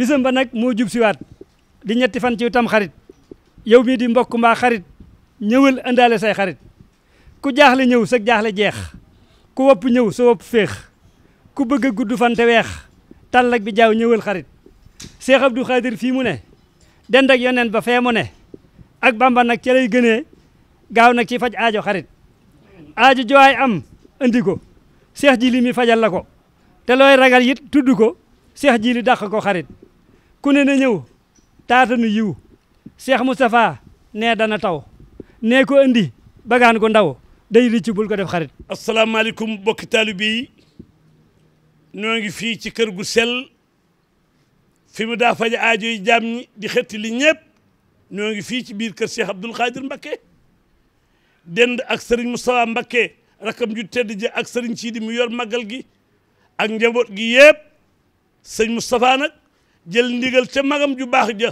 bisam ba nag moo jub siwaat di ñetti fan ci tam xarit yow mii di mbokk mbaa xarit ñëwal indaale say xarit ku jaaxle ñëw sa jaaxle jeex ku wopp ñëw sa wopp féex ku bëgg a gudd fan te weex tallak bi jaaw ñëwal xarit Cheikh Abdou Khadir fii mu ne dendak ak yoneen ba fee mu ne ak Bamba nag ca lay gënee gaaw nag ci faj aajo xarit aajo jowaay am andi ko Cheikh ji li mi fajal la ko te looy ragal it tudd ko Cheikh ji li dàq ko xarit ku ne na ñëw taatanu yiw Cheikh Moustapha nee dana taw nee ko indi bagaan ko ndaw day ricc bul ko def xarit asalaamaaleykum bokki taalibe yi noo ngi fii ci kër gu sell fi mu daa faja aajo yi jaam ñi di xetti li ñëpp noo ngi fii ci biir kër Cheikh Abdoul Khadir Mbacké dend ak Serigne Moustapha Mbacké rakam ju tedd ji ak Serigne Sidi mu yor màggal gi ak njaboot gi yëpp sëñ Moustapha nag jël ndigal ca magam ju baax ja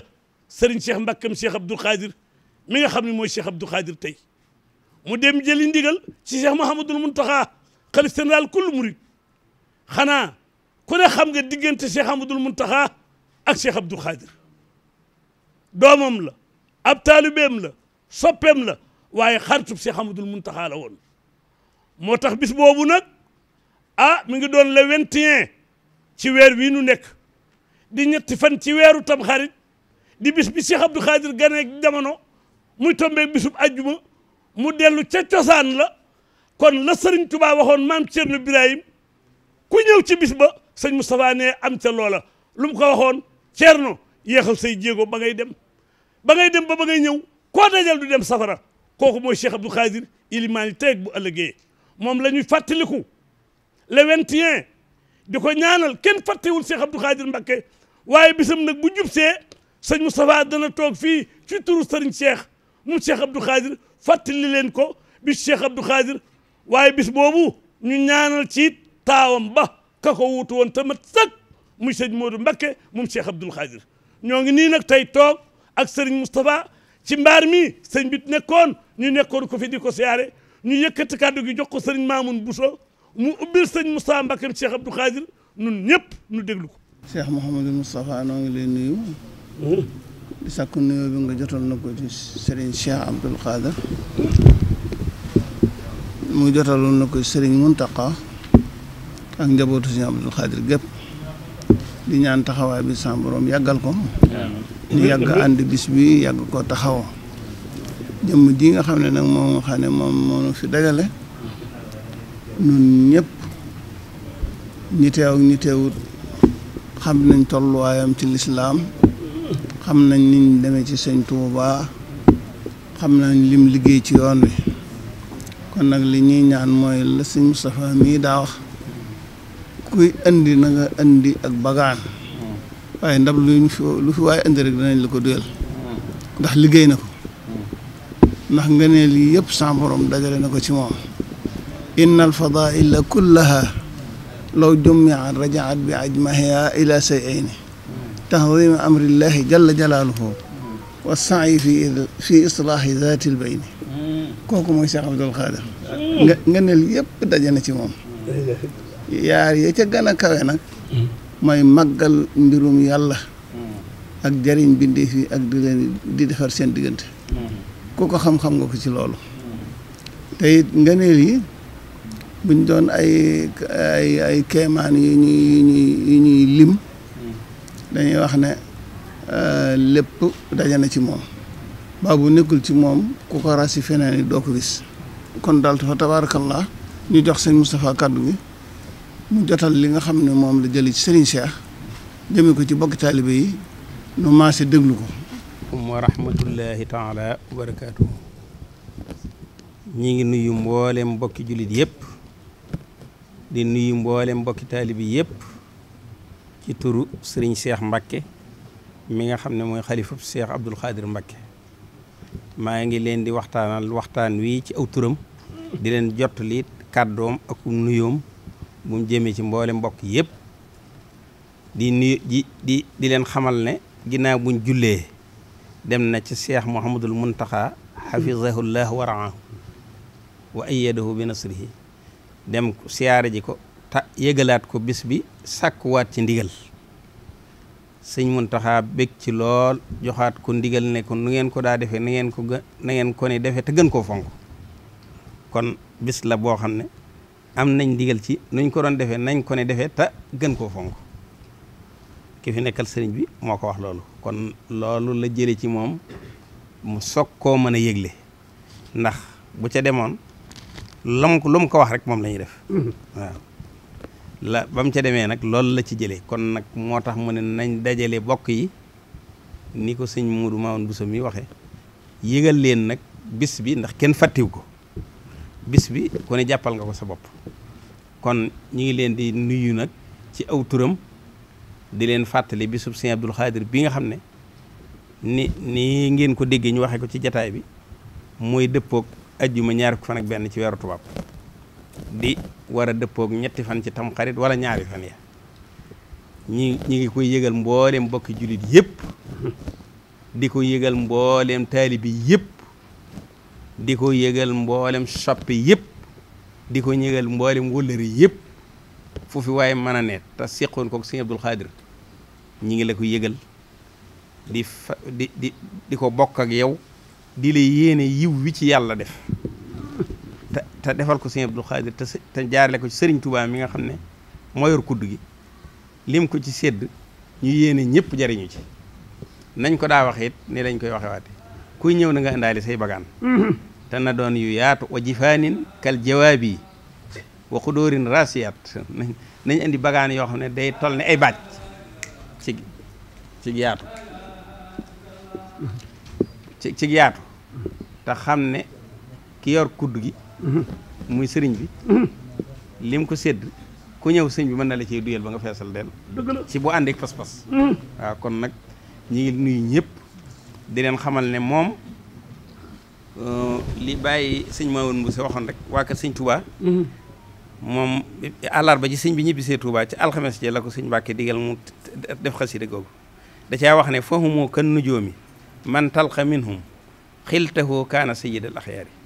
sëriñ Cheikh Mbakkam Cheikh Abdoul Khadir mi nga xam ne mooy Cheikh Abdoul Khadir tey mu dem jëli ndigal ci Cheikh Mouhamadul Mountakha xalif général kullu murid xanaa ku ne xam nga diggante Cheikh mun taxa ak Cheikh Abdoul Khadir doomam la ab taalibeem la soppem la waaye xaritub Cheikh Amadul Mountakha la woon moo tax bis boobu nag ah mi ngi doon le 21 ci weer wii nu nekk. di ñetti fan ci weeru tamxarit di bis bi Cheikh Abdou Khadir gane jamono muy tombee bisub ajjuma mu dellu ca cosaan la kon la Serigne Touba waxoon maam Thierno Birahim ku ñëw ci bis ba sëñ mu ne am ca loola lu mu ko waxoon Thierno yéexal say jéego ba ngay dem ba ngay dem ba ba ngay ñëw koo dajal du dem safara kooku mooy Cheikh Abdou Khadir ilimaani teeg bu ëllëgee moom la ñuy fàttaliku le 21 di ko ñaanal kenn fàttewul Cheikh Abdou Khadir Mbacké waaye bisam nag bu jubsee sëñ Moustapha dana toog fii ci turu sëriñ Cheikh mu Cheikh Abdou Khadir fàttali leen ko bis Cheikh Abdou Khadir waaye bis boobu ñu ñaanal ciit taawam ba ka ko wuutu woon tamat sag muy sëñ Modou Mbakke moom Cheikh Abdou Khadir ñoo ngi nii nag tey toog ak sëriñ Moustapha ci mbaar mi sëñ bi nekkoon ñu nekkoon ko fi di ko siyaare ñu yëkkati kàddu gi jox ko sëriñ Mamoun Bousso mu ubbil sëñ Moustapha Mbakke Cheikh Abdou Khadir nun ñëpp ñu déglu ko Cheikh Mouhamadou Moustapha noo ngi lay nuyu. Hmm? di sakku nuyoo bi nga jotal na ko ci Serigne Cheikh Abdoul Khader. mu jotaloon na ko Serigne Mountakha ak njabootu Serigne Abdoul Khader gépp di ñaan taxawaay bi sa borom yàggal ko. ñu yàgg ànd bis bi yàgg ko taxaw jëmm ji nga xam ne nag moom nga xam ne moom moo fi dajale. ñun ñëpp ñi teewut. xam nañ tolluwaayam ci lislaam xam nañ niñ demee ci seen Tuuba xam nañ lim liggéey ci yoon wi kon nag li ñuy ñaan mooy la sëñ Moustapha mii daa wax kuy indi na nga indi ak bagaan waaye ndab luñ fi lu fi waaye indi rek danañ la ko duyal ndax liggéey na ko ndax nga ne lii yëpp sa borom dajale na ko ci moom inna al fadaila kullaha law jumia rajaat bi ajmahiha ila sayayni tahdima amrillahi jalla jalaaluhu wa saayi fi fi islaahi zaati lbayni kooku mooy Cheikh Abdoul Khadr nga nga nel yëpp daje na ci moom yaar ya ca gën kawe nag mooy màggal mbirum yàlla ak jariñ bindeef fi ak di di defar seen diggante mm. ku ko xam-xam nga ko ci loolu te it yi buñ doon ay ay ay kéemaan yu ñuy yu lim dañuy wax ne euh, lépp daje na ci moom baa nekkul ci moom ku ko rasi feneen yi doo ko gis kon daal fa tabaarakallah ñu jox sëñ Moustapha kàddu gi mu jotal li nga xam ne moom la jëli ci sëriñ Cheikh jëme ko ci bokki taalibe yi nu maase déglu ko wa rahmatullahi taala wa ngi nuyu mboolem mbokki jullit yëpp di nuyu mboolem mbokki taalibi yépp ci turu sëriñ Cheikh Mbakke mi nga xam ne mooy xalifa Cheikh Abdoul Khadir Mbakke maa ngi leen di waxtaanal waxtaan wi ci aw turam di leen jottali kàddoom ak nuyoom bu mu jëmee ci mboole mbokk yépp di nuyu di di di leen xamal ne ginnaaw buñ jullee dem na ci Cheikh Mouhamadul Muntaxa xafizahullah waraahu wa ayyadahu bi nasrihi dem siyaare ji ko ta yëgalaat ko bis bi sàkkuwaat ci ndigal sëñ Muntaxa bég ci lool joxaat ko ndigal ne ko nu ngeen ko daa defee na ngeen ko na ngeen ko defee te gën koo fonk kon bis la boo xam ne am nañ ndigal ci nuñ ko doon defee nañ ko ne defee te gën koo fonk ki fi nekkal sëriñ bi moo ko wax loolu kon loolu la jële ci moom mu soog koo mën a yëgle ndax bu ca demoon lam ko lu mu ko wax rek moom la def mhm. waaw la ba mu ca demee nag loolu la ci jëlee kon nag moo tax mu ne nañ dajale bokk yi ni ko sëñ Muudu Maamun Buso mi waxe yëgal leen nag bis bi ndax kenn fàttiw ko bis bi ku ne jàppal nga ko sa bopp kon ñu ngi leen di nuyu nag ci aw turam di leen fàttali bisub sëñ Abdul Xaadir bi nga xam ne ni nii ngeen ko déggee ñu waxe ko ci jataay bi mooy dëppook ajjuma ñaar fan ak benn ci weeru tubaab di war a dëppoog ñetti fan ci tamxarit wala ñaari fan ya ñi ñi ngi koy yëgal mbooleem mbokki jullit yëpp di ko yëgal mbooleem taalibi yëpp di ko yëgal mboolem soppi yëpp di ko yëgal mboolem wëllëri yëpp fu fi waaye mën a ne te seqoon koog sëñ Abdul Xaadir ñi ngi la ko yëgal di di ko bokk ak yow di la yéene yiw wi ci yàlla def te defal ko sëñ Abdou Khadir te te jaarale ko ci sëriñ Touba mi nga xam ne moo yor kudd gi lim ko ci sedd ñu yéene ñëpp jariñu ci nañ ko daa waxe it ni lañ koy waxe waate kuy ñëw na nga indaale say bagaan mm-hmm. te na doon yu yaatu wa jifaanin kal jawaab yi wa xudóorin rasiyaat nañ nañ indi bagaan yoo xam ne day toll ne ay baaj ci ci yaatu ci xam ne ki yor kudd gi muy sëriñ bi mm-hmm. lim ko sédd ku ñëw sëñ bi mën na la ciy duyal ba nga feesal del ci bu àndeek pas-pas mm-hmm. waaw kon nag ñi ngi nuyu ñëpp di leen xamal ne moom euh, li bàyyi sëñ ma Maodo Moussa waxoon rek waa kër sëñ Touba mm-hmm. moom ba ci sëñ bi ñibbisee Touba ci alxames ji la ko sëñ Mbàkke digal mu def xasida googu da caa wax ne fahumoo kan nujoomi man talqa minhum xiltahu kaana sayyidal axyaari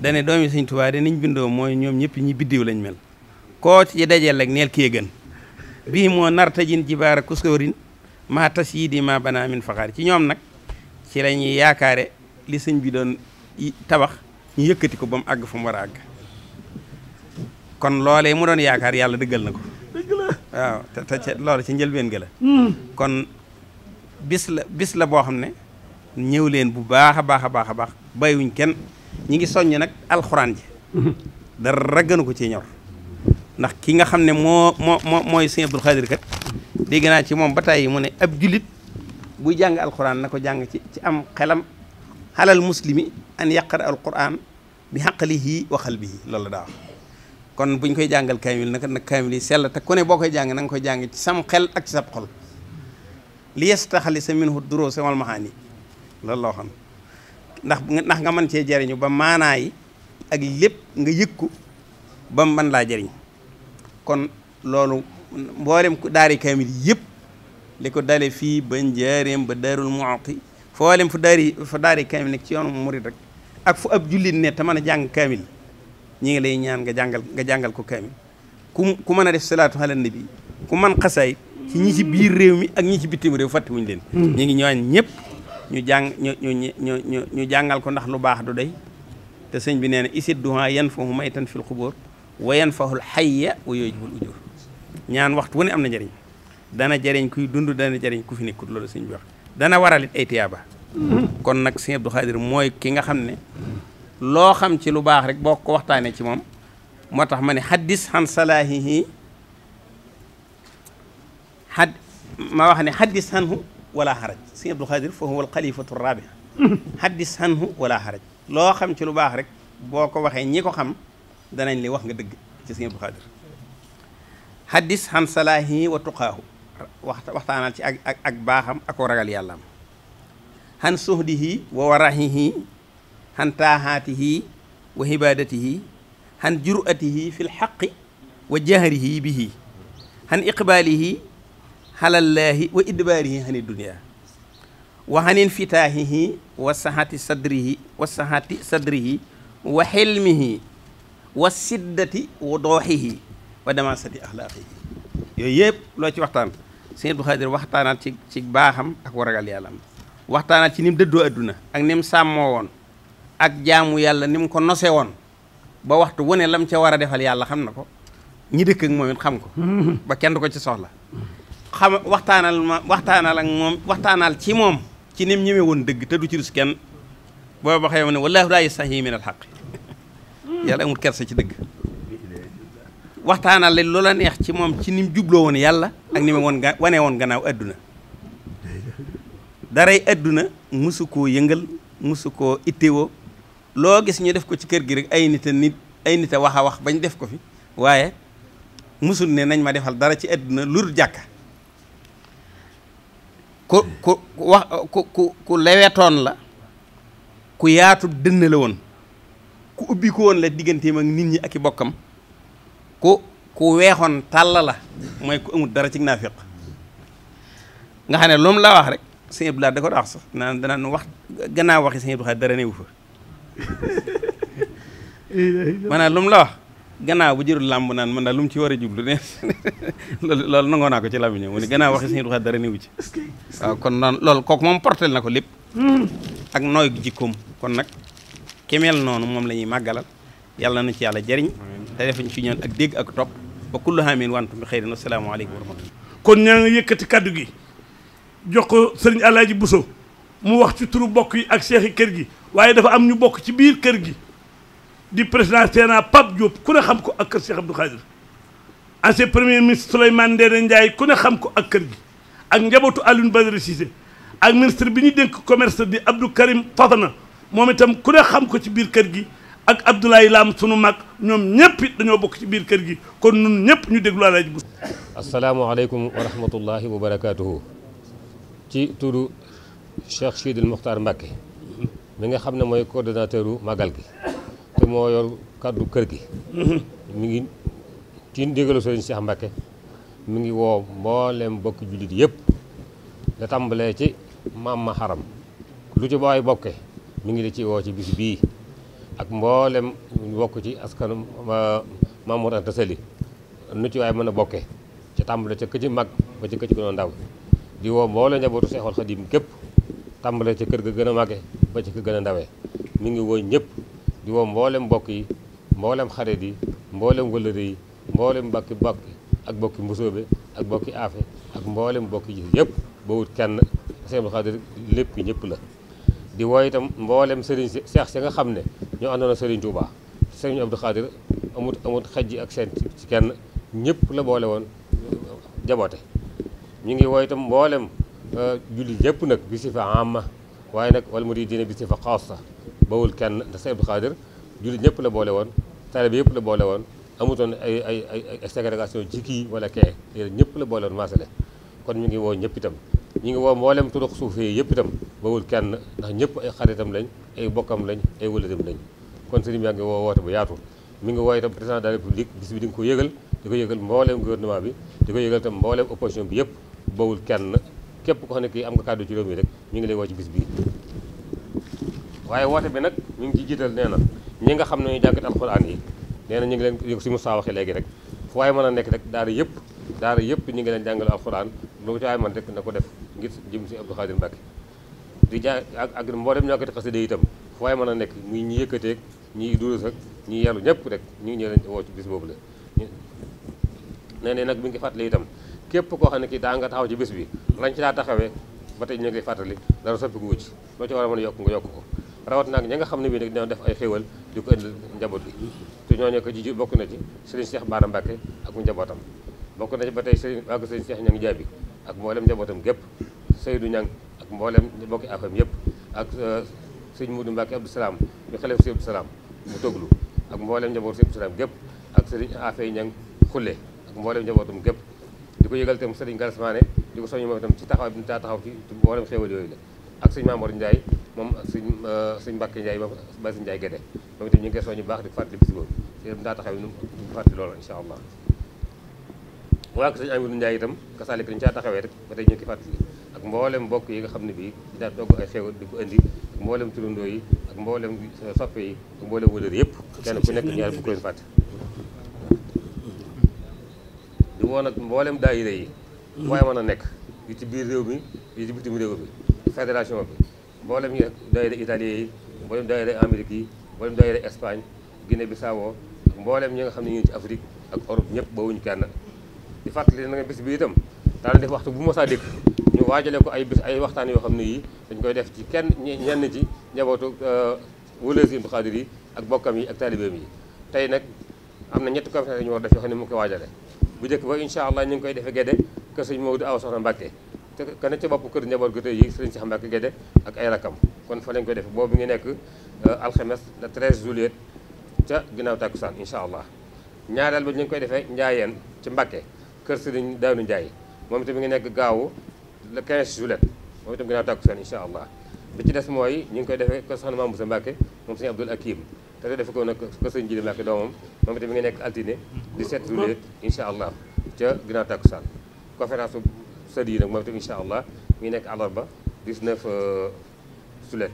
dane doomi sëñ Tuubaa de niñ bindoo mooy ñoom ñëpp ñi biddiw lañ mel koo ci dajeel rek neel kee gën bii moo nartajin jibaara kusóorin maa tas yii di maa banaa min faxaar ci ñoom nag ci la ñuy yaakaare li sëñ bi doon tabax ñu yëkkati ko ba mu àgg fu mu war a àgg kon loolee mu doon yaakaar yàlla da gël na ko waaw te te ci njëlbeen gi la hmm. kon bis la bis boo xam ne ñëw leen bu baax a baax a baax a baax bàyyiwuñ kenn ñi ngi soññ nag alxuraan ji dara gënu ko ci ñor ndax ki nga xam ne moo moo moo mooy sëñ Abdul Xaadir kat dégg naa ci moom ba tàyyi mu ne ab julit buy jàng alxuraan na ko jàng ci ci am xelam xalal muslimi an yaqara alquran bi xaqlihi wa qalbihi loolu daa wax kon koy jàngal kaamil naka nag kaamil yi sell te boo koy jàng na koy jàng ci sam xel ak ci sab xol li yestaxali sa minhu duruusa wal mahaani loolu loo xam ndax ndax nga man cee jariñu ba maanaay ak lépp nga yëg ko ba mu laa jariñ kon loolu mboolem ku daari kaamil yëpp li ko dale fii ba njaareem ba daarul muqti foolem fu daari fa daari kaamil nekk ci yoonu murid rek ak fu ab jullit ne te mën a jàng kaamil ñi ngi lay ñaan nga jàngal nga jàngal ko kaamil ku ku mën a def salaatu ala nabi ku man xasaay ci ñi ci biir réew mi ak ñi ci bitim réew fàtte wuñu leen hmm. ñu ngi ñëwaan ñëpp ñu jàng ñu ñu ñu ñu jàngal ko ndax lu baax du doy te sëñ bi nee na isid duha yan fahu maytan fil xubóor wa yan fahul xayya wa yujibul ujur ñaan waxtu wu ne am na njëriñ dana jëriñ kuy dund dana jëriñ ku fi nekkut loolu sëñ bi wax dana waralit ay tiyaaba kon nag sëñ Abdou Khadir mooy ki nga xam ne loo xam ci lu baax rek boo ko waxtaanee ci moom moo tax ma ne xaddis xan salaahihi xad ma wax ne xaddis xanhu wala xaraj sëñ Abdou Xaadir fa huwa al xalifatu rabi haddis anhu wala xaraj loo xam ci lu baax rek boo ko waxee ñi ko xam danañ li wax nga dëgg ci sëñ Abdou Xaadir haddis han salaahi wa tuqaahu waxtaanal ci ak baaxam ak ko ragal yàllaam han suhdihi wa warahihi han taahaatihi wa hibaadatihi han jur'atihi fi lxaqi wa jahrihi bihi han iqbaalihi halallaahi wa idbaarihi hani dunia wa hanin fitaahihi wa sahati sadrihi wa sahati sadrihi wa xilmihi wa siddati wa dooxihi wa damaasati axlaaqihi yooyu yëpp loo ci waxtaan sëñ Abdou Khadir waxtaanaat ci ci baaxam ak waragal yàlla am waxtaanaat ci ni mu dëddoo adduna ak ni sàmmoo woon ak jaamu yàlla ni mu ko nose woon ba waxtu wu ne lam ca war a defal yàlla xam na ko ñi dëkk ak xam ko ba kenn ko ci soxla xam waxtaanal ma waxtaanal ak moom waxtaanal ci moom ci nim ñëwee woon dëgg te du ci rus kenn boo waxee ma ne wallaahu laa yastahi min al xaq yàlla amul kersa ci dëgg waxtaanal leen loola neex ci moom ci nim jubloo woon yàlla ak ni ma woon ga wanee woon ganaaw adduna daray adduna musu koo yëngal musu koo ittewoo loo gis ñu def ko ci kër gi rek ay nit nit ay nit a wax a wax bañ def ko fi waaye musul ne nañ ma defal dara ci adduna lur jàkka ku ku ku lewetoon la ku yaatu dënn la woon ku ubbi ko woon la yi ak nit ñi ak i bokkam ku ku weexoon tàll la mooy ku amul dara ci naafiq nga xam ne lu mu la wax rek sëñ Abdou Lahad da ko wax sax naan danaan wax gannaaw waxi sëñ Abdou Lahad dara newu fa maanaam lu mu la wax gannaaw bu jërul làmb naan mën na lu mu ci war a jublu ne loolu loolu nangoo naa ko ci làmb ñëw mu ne gannaaw waxi sëñ Tuubaa dara newu ci waaw kon noonu loolu kooku moom portel na ko lépp hmm. ak nooy jikkoom kon nag kemeel noonu moom la ñuy màggalal yàlla na ci yàlla jëriñ te defañ ci ñoon ak dégg ak topp ba kullu haamin wantu bi xëy na asalaamaaleykum wa rahmatullah kon ñaa ngi yëkkati kàddu gi jox ko sëriñ Alaaji Buso mu wax ci turu bokk yi ak seexi kër gi waaye dafa am ñu bokk ci biir kër gi di président Sénat Pape Diop ku ne xam ko ak kër Cheikh Abdou Khadir ancien premier ministre Souleymane Ndéné Ndiaye ku ne xam ko ak kër gi ak njabootu Alioune Badara Cissé ak ministre bi ñu dénk commerce di Abdou Karim na moom itam ku ne xam ko ci biir kër gi ak Abdoulaye Lam sunu mag ñoom ñëpp it dañoo bokk ci biir kër gi kon ñun ñëpp ñu déglu Alaaji Bousso. asalaamaaleykum wa rahmatullahi wa barakaatuhu ci turu Cheikh Sidil Mokhtar Mbacké mi nga xam ne mooy coordonnateur u màggal gi. moo yor kàddu kër gi mm-hmm. mi ngi ci ndigalu sëriñ Cheikh Mbacke mi ngi woo mboolem bokk jullit yépp da tàmbalee ci maam ma xaram lu ci booy bokke mu ngi la ci woo ci bis bii ak mboolem bokk ci askanu Mamour Anta Sali nu ci waay mën a bokke ca tàmbale ca kë ci mag ba ca kë ci gën ndaw di woo mboole njabootu Seexul Xadim képp tàmbale ca kër ga gën a màgge ba ca ka gën a ndawee mi ngi woo ñëpp di woo mboolem mbokk yi mbooleem xarit yi mboolem wëllëre yi mboolem mbokki mbokki ak mbokki mbusoobe ak mbokki aafe ak mboolem mbokki ji yëpp ba kenn Cheikh Abdou Khadir lépp ñëpp la di wooy itam mbooleem sëriñ si seex si nga xam ne ñoo àndoon ak sëriñ Touba sëriñ Abdou Khadir amut amut xajji ak seen ci kenn ñëpp la boole woon jaboote ñu ngi woo itam mboolem euh, julli yëpp nag bi si fa amma waaye nag mu wal muridina bi si fa xaasa bawul kenn ndax Sëñ Abdou jullit ñëpp la boole woon taalibe yëpp la boole woon amutoon ay ay ay ségrégation ci kii wala kee ñëpp la boole woon maasale kon ñu ngi woo ñëpp itam ñu ngi woo mboolem turuq suufi yi yëpp itam bawul kenn ndax ñëpp ay xaritam lañ ay bokkam lañ ay wëlatam lañ kon sëriñ woo woote bu yaatu mu ngi woo itam président de la république bis bi di nga ko yëgal di ko yëgal mboolem gouvernement bi di ko yëgal itam mboolem opposition bi yëpp bawul kenn képp ko xam ne kii am nga kàddu ci réew mi rek ñu ngi lay woo ci bis bii waaye woote bi nag mu ngi ci jiital nee na ñi nga xam ne ñu jàngat alxuraan yi nee na ñu ngi leen yëg si Moussa waxee léegi rek fu waaye mën a nekk rek daara yëpp daal yëpp ñu ngi leen jàngal alxuraan lu ci waaye man rek na ko def ngir jëm si Abdou Khadir di ja ak ak mboolem ñoo ko te xasida itam fu mën a nekk muy ñi yëkkateeg ñi duurus ak ñi yaru ñëpp rek ñu ngi leen woo ci bis boobu la nee ne nag mi ngi fàttali itam képp ko xam ne kii daa nga taxaw ci bis bi lañ ci laa taxawee ba te ñu ngi fàttali dara soppi gu ci loo ci war a mën yokk nga yokk ko rawat naag ña nga xam ne bii nag dina def ay xéwal di ko indil njaboot gi te ñooñu ko ci bokk na ci Serigne Cheikh Bara Mbacké ak mu njabootam bokk na ci ba tey Serigne ak Serigne Cheikh ña ngi jaabi ak mboolem njabootam gépp Seydou Niang ak mboolem bokki afam yëpp ak euh, Serigne Modou Mbacké Abdou Salam ñu xelef si Abdou Salam mu toglu ak mboolem njaboot si Abdou Salam gépp ak Serigne Afay Niang xulle ak mboolem njabootam gépp di ko yëgal itam Serigne Galasmaane di ko soññu moom itam ci taxawaay bi mu taa taxaw ci mboolem xéwal yooyu la ak Serigne Mamour Ndiaye moom suñ euh, suñ Mbàkke Njaay ba bay suñ Njaay Gédé moom itam ñu ngi koy soññu baax di fàttali bis boobu si daa taxaw nu mu fàttali loolu incha allah waa ko suñu Amidu Njaay itam kasalik dañu caa taxawee rek ba tey ñu ngi koy fàttali ak mboolem mbokk yi nga xam ne bii daa togg ay xew di ko indi ak mboolem turandoo yi ak mboolem euh, soppe yi ak mboolem wëlër yëpp kenn ku nekk ñaar bu ko leen fàtte di woon ak mboolem daayira yi waaye mën a nekk yi ci biir réew mi yi ci bitim réew mi fédération bi mboolem ñu daayira italien yi mboolem daayira Amérique yi mboolem daayira Espagne Guinée Bissau mboolem ñu nga xam ne ñu ci Afrique ak Europe ñëpp bawuñu kenn di fàttali na nga bis itam daana def waxtu bu mosaa dikk ñu waajale ko ay bis ay waxtaan yoo xam ne yii dañ koy def ci kenn ñenn ci njabootu euh, si Abdou Khadir yi ak bokkam yi ak taalibeem yi tey nag am na ñetti conférence ñu war def yoo xam ne mu ngi koy waajale bu njëkk ba incha allah ñu ngi koy defe gedde kër sëñ Maodo aw soxna Mbàkke te ka ne ca bopp kër njaboot gu tey yi sëriñ si xam ak Gédé ak ay rakam kon fa lañ koy def boobu ngi nekk euh, alxames le 13 juillet ca ginnaaw takkusaan incha allah ñaareel ba ñu ngi koy defee njaayeen ci Mbacké kër sëriñ Daanu Ndiaye moom itam mi ngi nekk gaaw le 15 juillet moom itam ginnaaw takkusaan incha allah bi ci des mooy ñu ngi koy defee kër soxna Maam Moussa Mbacké moom sëriñ Abdoul Hakim te te defe ko nag kër sëriñ Jili Mbacké doomam mi ngi nekk altine 17 juillet incha allah ca ginnaaw takkusaan conférence sadi yi mooy moom itam incha allah mi nekk àllarba 19 euh, sulet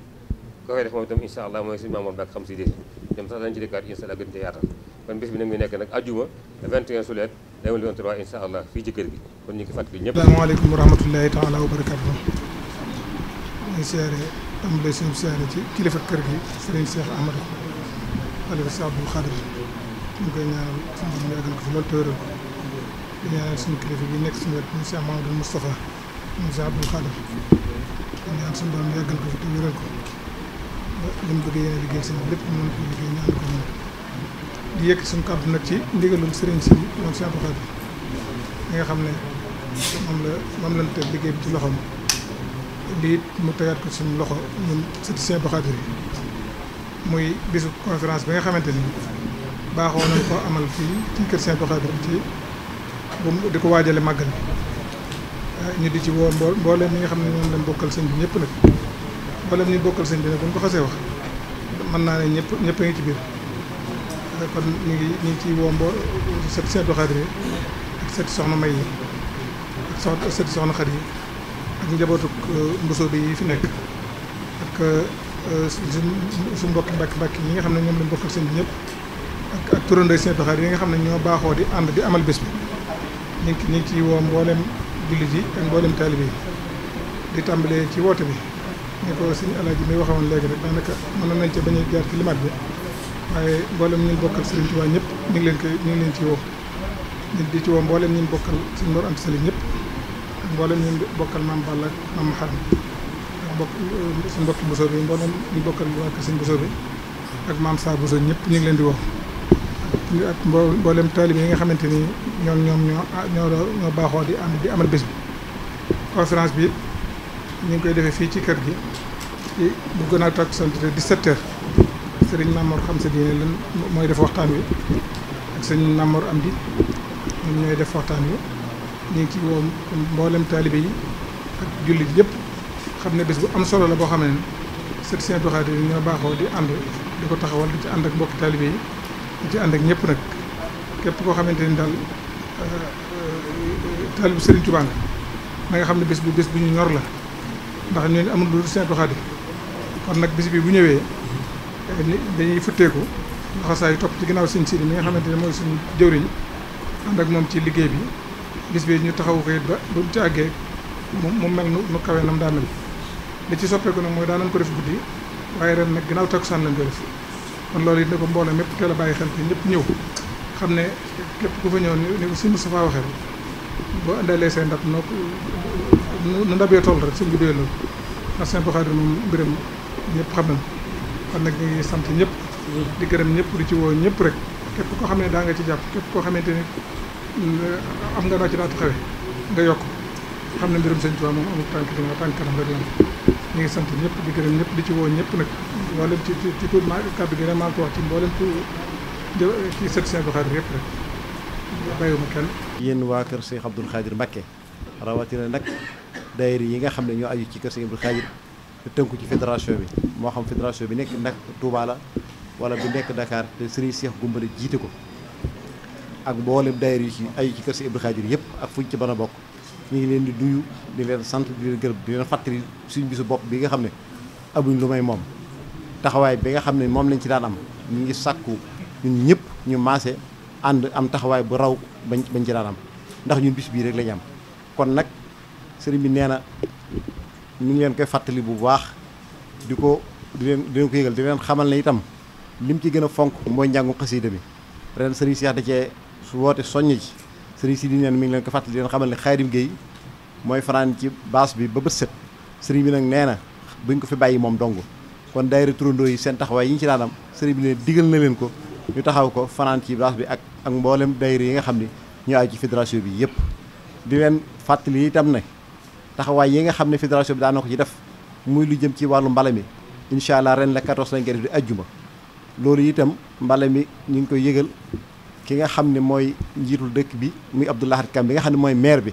ko koy def moom itam incha allah mooy si maamoor baak xam si di ñoom sax dañu ci dikkaat incha allah gën te yaatal kon nekk nag ajuma 21 sulet 2023 incha allah fii ci kër gi kon ñu ngi fàttali ñëpp asalaamaaleykum wa rahmatullahi taala wa barakatuh ñu siyaare am la suñu ci kilifa kër gi sëriñ Cheikh Ahmadou Xalifa Cheikh Abdoul Xaadir ñu koy ñaanal suñu borom yàggal ko fi loolu tëral ko di ñaanal suñu kilifa bi nekk suñu wet monsieur Amadou Moustapha monsieur Abdoul Khadir di ñaan suñu borom yàggal ko fi te wéral ko ba mu bëgg yéen a liggéey seen lépp mu ko liggéey ñu ko di yëkk suñu kàddu nag ci ndigalum si moom si nga xam ne moom la moom lañ teg liggéey bi ci loxoom lii mu tegaat ko suñu loxo ñun sëti si Abdoul Khadir yi muy bisu conférence bi nga xamante ni baaxoo nañ ko amal fii ci kër si Abdoul Khadir ci ba di ko waajale màggal eh, ñu di ci woo mbool mbooleem ñi nga xam ne ñoom lañ bokkal sëñ bi ñëpp nag mbooleem ñi bokkal sëñ bi nag bu ñu ko xasee wax mën naa ne ñëpp ñëpp ngi ci biir eh, kon ñu ñu ngi ciy woo mbo set seen doxaadire ak set soxna may set soxna xat yi ak njabootuk eh, mbosoo bi fi nekk ak su mbokki mbàkki mbàkki yi nga xam ne ñoom lañ bokkal sëñ bi ñëpp ak ak turandoy seen yi nga xam ne ñoo baaxoo di ànd di amal bés bi ñu ngi ci ngi ciy woo mboolem jullit yi ak mboolem taalibe yi di tàmbalee ci woote bi ni ko suñu alaaji mi waxoon léegi rek daanaka mënoon nañ ca bañ ñuy jaar ci limaat bi waaye mboolem ñu bokkal Serigne Touba ñëpp ñu ngi leen koy ñu ngi leen ci woo di ci woo mboolem ñu bokkal suñu Mor Anta ñëpp ak mboolem bokkal maam Balla ak maam Maharam ak mbokk suñu mbokki Bousso bi mboolem ñu bokkal waa kër suñu bi ak maam Saa Bousso ñëpp ñu ngi leen di woo. ak mboolem taalibe yi nga xamante ni ñoom ñoom ñoo ñoo ñoo baaxoo di am di amal bés bi. conférence bi ñu ngi koy defee fii ci kër gi ci bu gën a tàkk sant te 17 heures sëriñ Mamour xam sa diine lan mooy def waxtaan wi ak sëriñ Mamour am di ñoom ñooy def waxtaan wi ñu ngi ci woo mboolem taalibe yi ak jullit yëpp xam ne bés bu am solo la boo xam ne sët Sëriñ Abdou Khadre ñoo baaxoo di ànd di ko taxawal di ci ànd ak mbokki taalibe yi. di ci ànd ak ñëpp nag képp koo xamante ni daal euh, euh, taalibu Serigne Touba nga na nga xam ne bis bu bis bu ñu ñor la ndax ñun amul lu Serigne Touba kon nag bis bi bu ñëwee ni dañuy futteeku laxasaa yu topp ci ginnaaw Serigne Sidi mi nga xamante ne mooy suñu jëwriñ ànd ak moom ci liggéey bi bés bi ñu taxawu ko ba ba ci àggee mu mel nu nu kawe nam daa mel li ci soppeeku nag mooy daanañ ko def guddi waaye ren nag ginnaaw takkusaan lañ ko def kon loolu it ne ko mbooloo mépp teel a bàyyi xel te ñëpp ñëw xam ne képp ku fa ñëw ni ko si Moustapha waxee boo andalee seen ndab noo nu ndabee toll rek suñ bi doy loolu ndax seen boxaari moom mbiram ñëpp xam nañ kon ñu sant ñëpp di gërëm ñëpp di ci woo ñëpp rek képp koo xam ne daa nga ci jàpp képp koo xamante ni mm, am nga noo ci daatu xawe nga yokk xam ne mbirum sëñ Tuubaa moom amul tànk ginnaaw tànk kanam la ñu ngi sant ñëpp di gërëm ñëpp di ci woo ñëpp nag mboolem ci ci ci tuut maa kàddu gi rek maa ko wax ci mboolem ku waa kër Sëñ Abdou Khadre Mbacké rawatina nag yi nga xam ne ñoo aju ci kër Sëñ Abdou Khadre te ci fédération bi moo xam fédération bi nag Touba wala bi nekk Dakar te Serigne jiite ko ak mboolem daayira yi ci aju ci kër Sëñ Abdou Khadre yëpp ak fuñ ci mën a bokk. ñu ngi leen di duyu di leen sant di leen gërëm di leen fàttali suñu bisu bopp bi nga xam ne abuñ lu may moom taxawaay bi nga xam ne moom lañ ci daan am ñu ngi sàkku ñun ñëpp ñu maase ànd am taxawaay bu raw bañ bañ ci daan am ndax ñu bis bii rek lañ am kon nag sëriñ bi nee na ñu ngi leen koy fàttali bu baax di ko di leen di leen ko yëgal di leen xamal ne itam lim ci gën a fonk mooy njàngu xasiida bi ren sëriñ Seex da cee su woote soññ ci sëriñ si di neen mi ngi leen ko fàttali leen xamal ne Xaadim Géey mooy fanaan ci baas bi ba bët set sëriñ bi nag nee na buñ ko fi bàyyi moom dong kon daayira turandoo yi seen taxawaay yi ci daanam sëriñ bi ne digal na leen ko ñu taxaw ko fanaan ci baas bi ak ak mboolem daayira yi nga xam ne ñu aay ci fédération bi yëpp di leen fàttali itam ne taxawaay yi nga xam ne fédération bi daana ko ci def muy lu jëm ci wàllu mbala mi incha allah ren la 14 lañ koy def di ajjuma loolu itam mbala mi ñu ngi koy yëgal ki nga xam ne mooy njiitul dëkk bi muy Abdou Lahad Kam bi nga xam ne mooy maire bi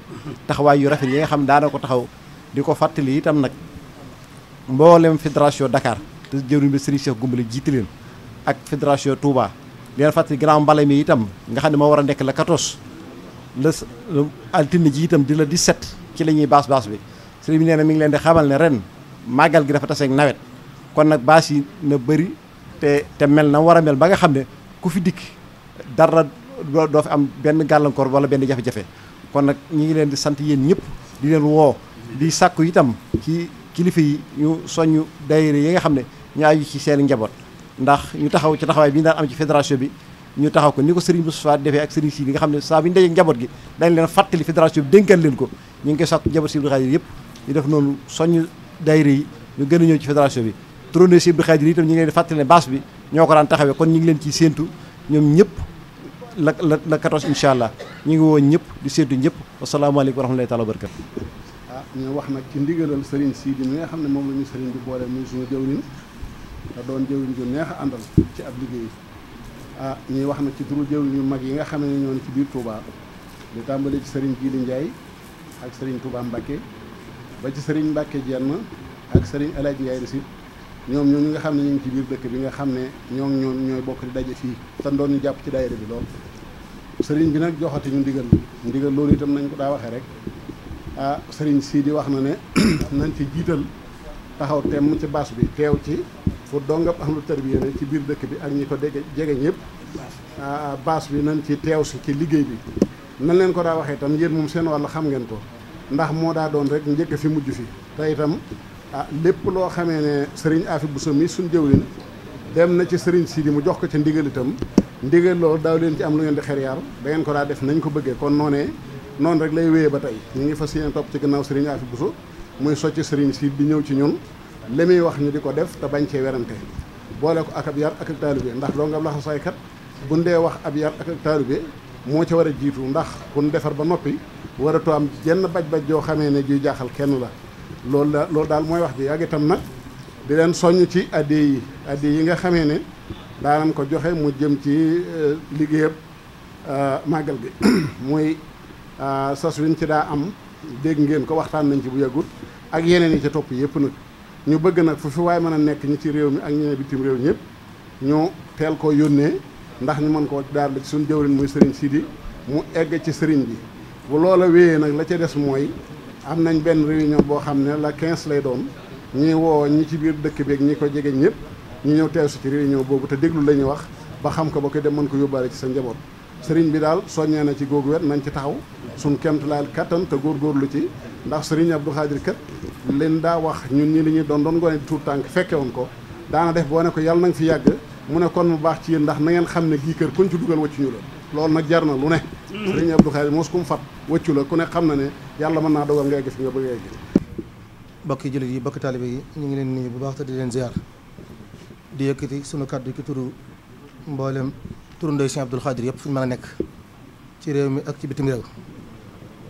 taxawaay yu rafet yi nga xam ne daana ko taxaw di ko fàttali itam nag mboolem fédération Dakar te jëwriñ bi Serigne Cheikh Goumbali jiite leen ak fédération Touba di leen fàttali gannaaw mbale mi itam nga xam ne moo war a nekk la 14 la altine ji itam di la di 17 ci la ñuy baas baas bi sëriñ bi nee na mi ngi leen di xamal ne ren màggal gi dafa taseek nawet kon nag baas yi bëri te te mel na war a mel ba nga xam ne ku fi dikk dara doo fi am benn gàllankoor wala benn jafe-jafe kon nag ñi ngi leen di sant yéen ñëpp di leen woo di sàkku itam ci kilifa yi ñu soññ daayira yi nga xam ne ñu aju ci seen njaboot ndax ñu taxaw ci taxawaay bi ñu daan am bi ñu taxaw ko ni ko Serigne Moustapha defee ak Serigne si nga xam ne saa bu njaboot gi dañ leen fàttali fédération bi dénkal ko ñu ngi koy sàkku njaboot Sibdu yëpp ñu def noonu soññ daayira yi gën a ñëw ci fédération bi trône Sibdu Xaadir itam ñu ngi leen di fàttali baas bi ñoo ko daan taxawee kon ñu ngi leen ciy séentu ñoom ñëpp la la la 14 incha allah ñu ngi woo ñëpp di séddu ñëpp wasalaamaaleykum wa rahmatulahi taala wa barakatu ah ñu wax nag ci ndigalal Serigne Sidi mi nga xam ne moom la ñu Serigne bi boole muy suñu jëwriñ te doon jëwriñ ju neex a àndal ci ab liggéey ah ñuy wax nag ci turu jëwriñ yu mag yi nga xam ne ñoo ne ci biir Touba di tàmbali ci Serigne Jili Ndiaye ak sëriñ Touba Mbacke ba ci Serigne Mbacke jenn ak Serigne El Hadj ñoom ñoo ñi nga xam ne ñu ngi ci biir dëkk bi nga xam ne ñoo ñoom ñooy bokk di daje fii te ndoon ñu jàpp ci daayira bi lool sëriñ bi nag joxati ñu ndigal ndigal loolu itam nañ ko daa waxee rek ah sëriñ sii di wax na ne nañ ci jiital taxaw temm ci baas bi teew ci fu dongab am na tarbiya ne ci biir dëkk bi ak ñi ko dege jege ñëpp ah, baas bi nañ ci teew si ci liggéey bi nan leen ko daa waxee itam yéen moom seen wàll xam ngeen ko ndax moo daa doon rek njëkk fi mujj fi te itam ah lépp loo xamee ne sëriñ Afi Bousso mi suñ jëwlin dem na ci sëriñ Sidi mu jox ko ca ndigal itam ndigal loolu daaw leen ci am lu ngeen di xer yaar da ngeen ko daa def nañ ko bëggee kon noonee noonu rek lay wéyee ba tey ñu ngi fas yéene topp ci gannaaw sëriñ Afi Bousso muy socc sëriñ Sidi di ñëw ci ñun li muy wax ñu di ko def te bañ cee werante boole ko ak ab yar ak ak taalibe ndax doo nga am laxasaay kat dee wax ab yar ak ak taalibe moo ci war a jiitu ndax kun defar ba noppi war am jenn baj-baj joo xamee ne juy jaaxal kenn la loolu daal loolu daal mooy wax ji yàgg itam nag di leen soññ ci addi yi addi yi nga xamee ne daanañ ko joxe mu jëm ci euh, liggéeyab euh, màggal gi muy euh, sas wiñ ci daa am dégg ngeen ko waxtaan nañ ci bu yàggut ak yeneen yi ca topp yëpp nag ñu bëgg nag fu fi waay mën a nekk ñi ci réew mi ak ñeneen bitim réew ñëpp ñu teel ko yónnee ndax ñu mën koo daal ci suñu jëwriñ muy sëriñ Sidi mu egg ci sëriñ bi bu loola wéyee nag la ca des mooy am nañ benn réunion boo xam ne la 15 lay doon ñi woo ñi ci biir dëkk bi ak ñi ko jege ñëpp ñu ñëw teesu ci réunion boobu te déglu la ñuy wax ba xam ko ba koy dem mën ko yóbbaale ci sa njaboot sëriñ bi daal soññee na ci googu wet nañ ci taxaw suñ kemt laal kattan te góorgóorlu ci ndax sëriñ Abdou Khadir kat leen daa wax ñun ñi li ñuy doon doon gone di tuut tànk fekke woon ko daana def boo ne ko yàlla nanga fi yàgg mu ne kon mu baax ci yéen ndax na ngeen xam ne gii kër kuñ ci dugal wacc ñu la loolu nag jar na ne Sëriñ Abdou Khadre mos ku mu fat wëccu la ku ne xam na ne yàlla mën naa dogal nga egg fi nga bëgg a egg bokki jullit yi bokki taalibe ñu ngi leen nuyu bu baax te di leen ziar di yëkkati sunu kàddu ki turu mboolem turu ndoy Sëriñ Abdou Khadre yëpp fu ñu mën nekk ci réew mi ak ci bitim réew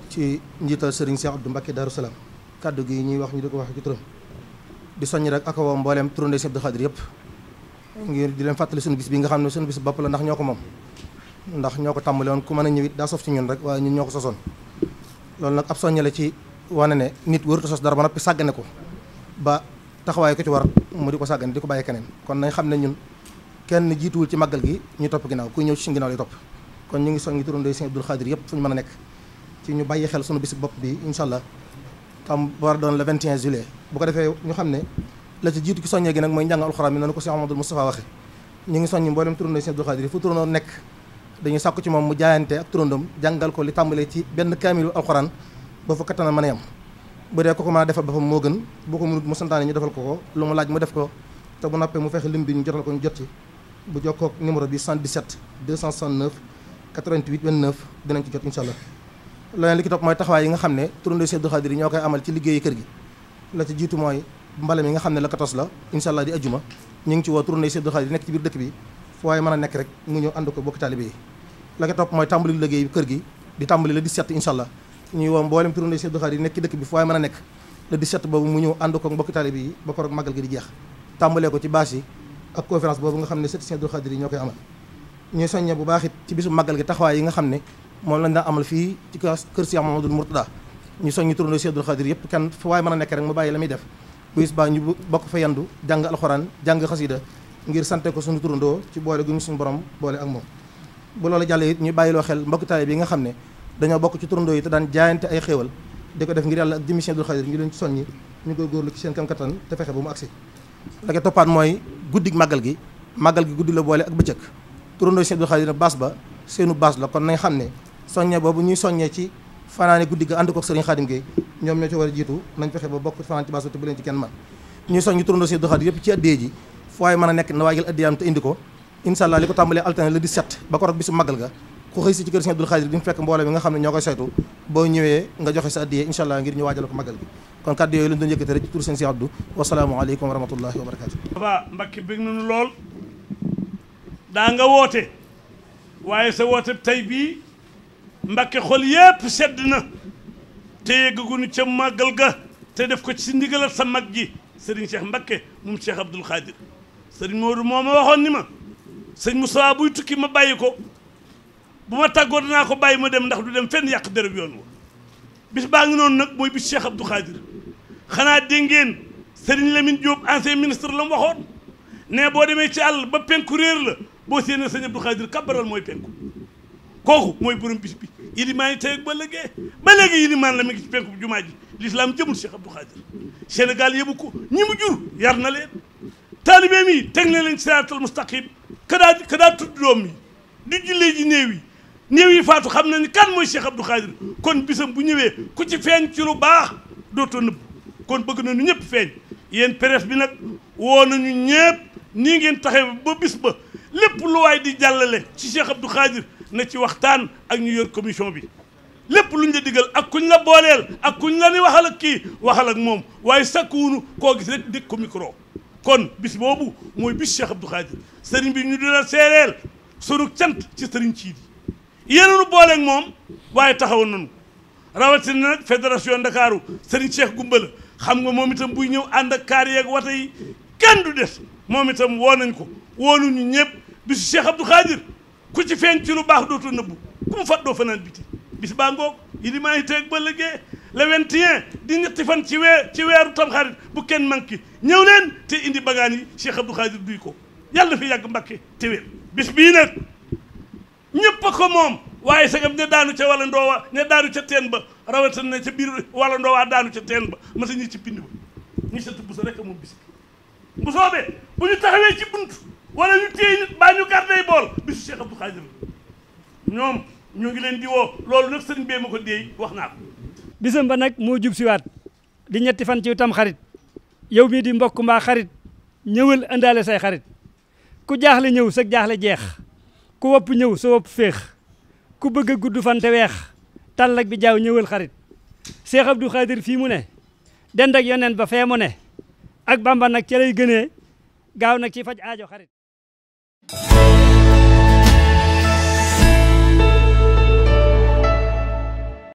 ci njiital Sëriñ Cheikh Abdou Mbacké Darou Salaam kàddu gi ñuy wax ñu di ko wax ci turam di soññ rek ak woo mboolem turu ndoy Sëriñ Abdou Khadre ngir di leen fàttali sunu bi nga xam ne sunu bopp la ndax ñoo ko moom ndax ñoo ko tàmbale woon ku mën a ñëw it daa sof ci ñun rek waaye ñun ñoo ko sosoon loolu nag ab soññale ci wane ne nit warut a sos dara ba noppi sàggane ko ba taxawaay ko ci war mu di ko sàggane di ko bàyyi keneen kon nañ xam ne ñun kenn jiituwul ci màggal gi ñu topp ginnaaw ku ñëw ci suñu ginnaaw lay topp kon ñu ngi soññi turandoo Sëñ Abdul Xaadir yëpp fu ñu mën a nekk ci ñu bàyyi xel suñu bisi bopp bi incha allah tam war a doon le 21 bu ko defee ñu xam ne la ci jiitu ci soññee gi nag mooy dañuy sàkku ci moom mu jaayante ak turandoom jàngal ko li tàmbalee ci benn kaamilu alxuraan ba fa kattanam mën a dee ko ko mën a defal boppam moo gën boo ko mënut mu santaane ñu defal ko ko lu ma laaj mu def ko te bu noppee mu fexe lim bi ñu jotal ko ñu jot ci bu jokkoo ak numéro bi 117 269 88 29 dinañ ci jot incha allah leneen li mooy taxawaay yi nga xam ne turandoo Sëriñ Abdou yi ñoo koy amal ci liggéeyi kër gi la ci jiitu mooy mbale mi nga xam ne la 14 la incha allah di ajuma ñu ngi ci woo turandoo Sëriñ Abdou Khadr yi nekk ci biir nekk rek mu ñëw ànd ko bokk taalibe yi la ko topp mooy tàmbali liggéey kër gi di tàmbali le 17 incha allah ñuy woo mboolem turandoo Cheikh Abdou Khadre yi nekk ci dëkk bi fu waaye mën a nekk le 17 boobu mu ñëw ànd ko mbokki taalibe yi ba ko màggal gi di jeex tàmbalee ko ci bâche yi ak conférence boobu nga xam ne Cheikh Abdou Khadre yi ñoo koy amal ñuy soññe bu baax it ci bisu màggal gi taxawaay yi nga xam ne moom lañ daa amal fii ci kër Cheikh Mamadou Mourtada ñu soññi turandoo Cheikh Abdou yëpp kenn fu waaye a nekk rek mu bàyyi la def bu bis baa ñu bokk fa yandu jàng alxuraan jàng xasida ngir sante ko suñu turandoo ci boole gu ñu suñu borom boole ak bu loolu jàllee it ñu bàyyiloo xel mbokk taalibe yi nga xam ne dañoo bokk ci turandoo yi te daan jaayante ay xéewal di ko def ngir yàlla ak jëmmi Sëriñ Abdul Xaadir ngi leen ci soññi ñu góorgóorlu ci seen kam te fexe ba mu agsi la ko toppaat mooy guddik màggal gi màggal gi guddi la boole ak bëccëg turandoo Sëriñ Abdul Xaadir baas ba seenu baas la kon nañ xam ne soññe boobu ñuy soññee ci fanaane guddi ga ànd ko Sëriñ Xaadim Géey ñoom ñoo ci war a jiitu nañ fexe ba bokk fanaan ci baas ba te bu leen ci kenn man ñuy yëpp ci addiyee mën nekk na waajal addiyaam te indi ko incha allah li ko tàmbalee alterné le 17 ba ko rog bisu màggal ga ku xëy si ci kër Sëriñ Abdul Xaadir bi mu fekk mbooloo bi nga xam ne ñoo koy saytu boo ñëwee nga joxe sa addiyee incha allah ngir ñu waajal ko màggal gi kon kàddu yooyu lañ daa nga woote waaye sa woote tey bii Mbacke xol yépp sedd na te yeggaguñu ca màggal ga te def ko ci ndigalal sa mag ji Serigne Cheikh Mbacke moom Cheikh Abdul Xaadir Serigne Modou moo ma waxoon ni ma sëñ Moussa buy tukki ma bàyyi ko bu ma tàggoo danaa ko bàyyi ma dem ndax du dem fenn yàq dërëb yoon wa bis baa ngi noonu nag mooy bis Cheikh Abdou Khadir xanaa dégg ngeen Serigne Lamine Diop ancien ministre la mu waxoon ne boo demee ci àll ba penku réer la boo séenee sëñ Abdou Khadir kabaral mooy penku kooku mooy borom bis bi ilimaan yi tey ba léegi ba léegi ilimaan la mi ngi ci penku jumaa ji l'islam jëmul Cheikh Abdou Khadir Sénégal yëbu ko ñi mu jur yar na leen taalibeem yi teg na leen siraatal mustaqim ka daa ka daa tudd doom yi di jullee ji néew yi néew yi faatu xam na ni kan mooy Cheikh Abdou Khadir kon bisam bu ñëwee ku ci feeñ ci lu baax dootoo nëbb kon bëgg na nu ñëpp feeñ yéen presse bi nag woo nañu ñëpp nii ngeen taxee ba bis ba lépp lu waay di jàllale ci Cheikh Abdou Khadir na ci waxtaan ak ñu yor commission bi lépp luñ la digal ak kuñ la booleel ak kuñ la ni waxal ak kii waxal ak moom waaye sakkuwunu koo gis ko micro kon bis boobu mooy bis Cheikh Abdou Khadir sëriñ bi ñu di la seereel sunu cant ci sëriñ Siidi yéenunu booleek moom waaye taxaw nañu rawatina nag fédération Ndakaaru sëriñ Cheikh Gumba la xam nga moom itam buy ñëw ànd ak kaar yeeg wata yi kenn des moom itam woo nañ ko woonuñu ñëpp bisu Cheikh Abdou Khadir ku ci feeñ ci lu baax dootoo nëbbu ku mu fat doo fanaan biti bis baa ngoog yi di maa ngi teeg ba liggéey le 21 di ñetti fan ci wee ci weeru tamxarit bu kenn manqué ñëw leen te indi bagaan yi Cheikh Abdou Khadir duy ko yàlla fi yàgg Mbàkke te wér bis bii nag ñëpp a ko moom waaye sagam ne daanu ca wala ndoowa ne daanu ca teen ba rawatina ne ca biir wala ndoowaa daanu ca teen ba masa ñi ci pind ba ñi sant busa rek a moom bis bu soobee bu ñu taxawee ci bunt wala ñu téye nit baa ñu gardey bool bisu Cheikh Abdou Khadir ñoom ñu ngi leen diwoo loolu nag sëriñ bee ma ko déey wax naa ko bisam ba nag moo jub siwaat di ñetti fan ci tam xarit yow mii di mbokk mbaa xarit ñëwal indaale say xarit ku jaaxle ñëw sa jaaxle jeex ku wopp ñëw sa wopp féex ku bëgg a gudd fan te weex tallak bi jaaw ñëwal xarit Cheikh du Khadir fii mu ne dend ak yoneen ba fee mu ne ak Bamba nag ca lay gënee gaaw nag ci faj aajo xarit